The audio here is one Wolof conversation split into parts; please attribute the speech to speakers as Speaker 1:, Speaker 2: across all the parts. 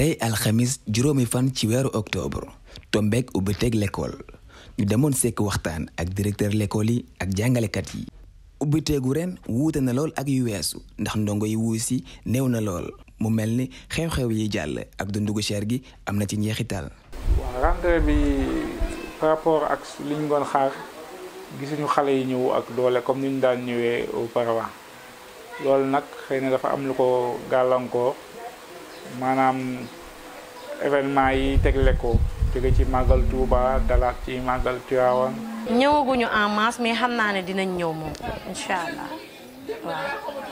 Speaker 1: tey alxamis juróomi fan ci weeru octobre tombeek ubbi teg l'école ñu demoon sekk waxtaan ak directeur l'école yi ak jàngalekat yi ubbi ren wuute na lool ak yu weesu ndax ndongo yi wuy si néew na lool mu mel ni xew-xew yi jàll ak dundu gu cher gi am na ci njeexital.
Speaker 2: waaw rentrée bi par rapport ak li ñu xaar gisuñu xale yi ñëw ak doole comme ni ñu daan ñëwee auparavant loolu nag xëy na dafa am lu ko gàllankoo maanaam événement yi tegle ko jóge ci màggal Touba dalaat ci màggal Tiwaawan. ñëwaguñu en masse mais xam naa ne dinañ ñëw moom incha allah waaw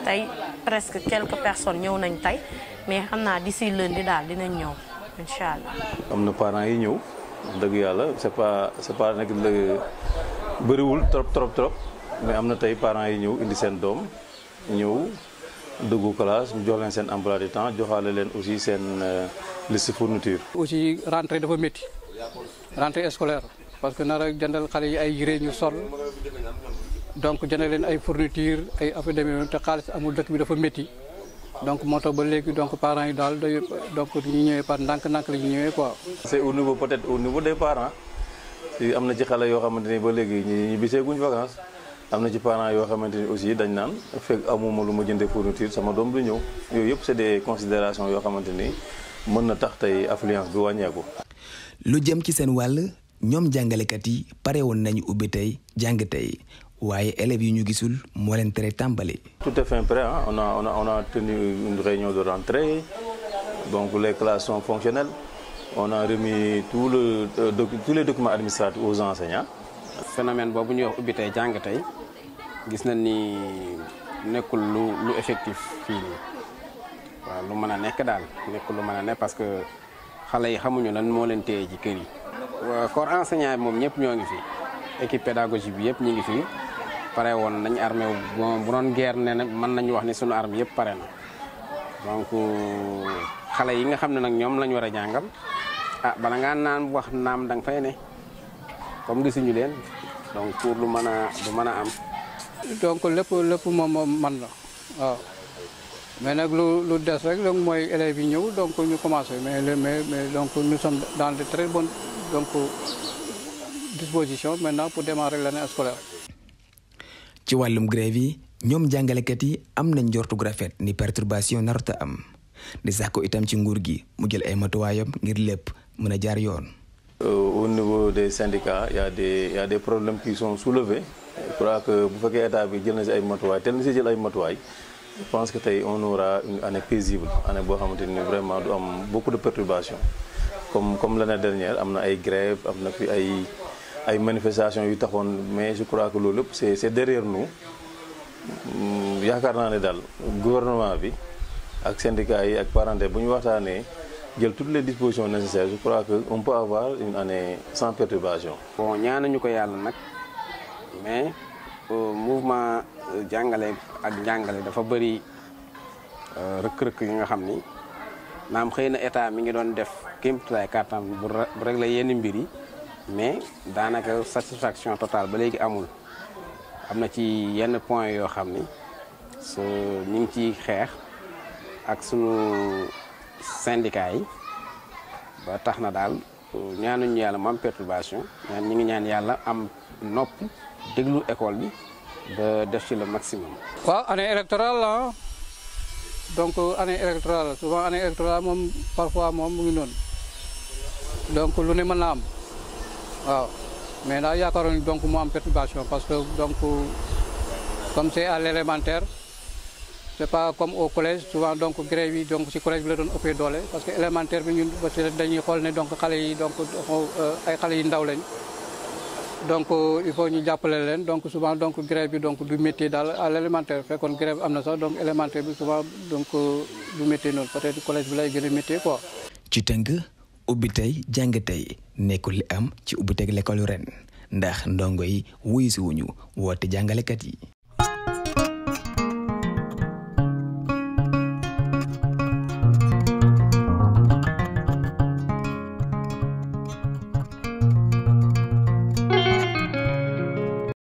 Speaker 2: tey presque quelque personnes ñëw nañ tey mais xam naa d'ici lundi daal
Speaker 1: dinañ ñëw incha allah.
Speaker 3: am na parents yi ñëw dëgg yàlla c'est pas c'est pas nag bëriwul trop trop trop mais am na tey parents yi ñëw indi seen doom ñëw. dugg classe ñu jox seen emploi du temps joxaale leen aussi seen euh, liste fourniture.
Speaker 4: aussi rentrée dafa métti rentrée scolaire parce que nar a jëndal xale yi ay yére ñu sol donc jëndal leen ay fourniture ay affaire demee te xaalis amul dëkk bi dafa métti donc moo tax ba léegi donc parents yi daal day donc ñu ñëwee par ndànk-ndànk la ñu ñëwee quoi.
Speaker 3: c'est au niveau peut-être au niveau des parents am na ci xale yoo xamante ni ba léegi ñu biseeguñ vacances. amna ci parents yo xamanteni aussi dañ nan fek amuma luma ma jëndee fourniture sama dom du ñëw yooyu yëpp c'est des considérations yo xamanteni ni mën na tax tay affluence bi wàññeeku.
Speaker 1: lu jëm ci seen wàll ñoom kat yi pare woon nañu ubbi tey jàng tey waaye élèves yi ñu gisul moo leen tere tàmbali.
Speaker 3: tout est fin prêt ah on a on a on a tenu une réunion de rentrée donc les classes sont fonctionnelles on a remis tout le euh, tous les documents administratifs aux enseignants. phénomène boobu ñuy wax ubbi tey jàng tey gis nañ ni
Speaker 2: nekkul lu lu effectif fii nii waaw lu mën a nekk daal nekkul lu man a nekk parce que xale yi xamuñu lan moo leen téye ci kër yi. waaw corps enseignant moom ñëpp ñoo ngi fi équipe bi yëpp ñu ngi fi pare woon nañ armée bu bu doon guerre ne nag mën nañu wax ni sunu armée yëpp pare donc xale yi nga xam ne nag ñoom lañ war a jàngal ah bala ngaa naan wax naam danga fay ne. comme gisuñu len donc pour lu mëna du mëna am
Speaker 4: donc lepp lépp moom man la waaw oh. mais nak lu lu dess rek donc moy élève yi ñëw donc ñu commencé mais le mais mais donc nous sommes dans de très bonnes donc dispositions maintenant pour démarrer l'année scolaire.
Speaker 1: ci walum grève yi ñom jangale kat yi am nañ jortu grafet ni perturbation narta am di sax ko itam ci nguur gi mu jël ay matuwayam ngir lepp mëna jaar yoon.
Speaker 3: Euh, au niveau des syndicats il y a des problèmes qui sont soulevés je crois que bu état si tel je pense que on aura une année paisible année vraiment beaucoup de perturbations comme l'année dernière il y a grève des fi manifestations mais je crois que le c'est derrière nous Il y a des gouvernement avec les syndicats yi ak parents jël toutes les dispositions nécessaires je crois que on peut avoir une année sans perturbation. bon ñaanuñu ko yàlla nag mais euh, mouvement euh, jàngale et
Speaker 2: njàngale dafa bëri euh, rëkk-rëkk yi nga xam naam xëy état mi ngi doon def kéemtulaay kàttan bu régler yenn mbir yi mais danaka satisfaction totale ba légui amul amna ci yenn point yo xamni su ñu ngi ciy ak suñu syndicat yi ba tax na daal ñaanuñu yàlla mu am perturbation ñaan ñi ngi ñaan yàlla am nopp déglu école bi def ci le maximum.
Speaker 4: waaw année électorale donc année électorale souvent année électorale moom parfois moom mu ngi noonu donc lu ne mën na am waaw mais daal yaakaaroon donc mu am parce que donc comme c'est à l'élémentaire c' pas comme au collège souvent donc grève yi donc si collège bi la doon ëppee doole parce que élémentaire bi ñun parce que dañuy xool ne donc xale yi donc euh, ay xale yi ndaw lañ donc euh, il faut ñu jàppale leen donc souvent donc grève bi donc du métier daal à l' élémentaire fekkoon grève am na sax donc élémentaire bi souvent donc euh, du métier noonu peut être collège bi lay gën a métier quoi.
Speaker 1: ci tënk ubbi tey jàng tey nekkul li am ci ubbi teg l'école ren ndax ndongo yi wuyu si wuñu woote jàngalekat yi.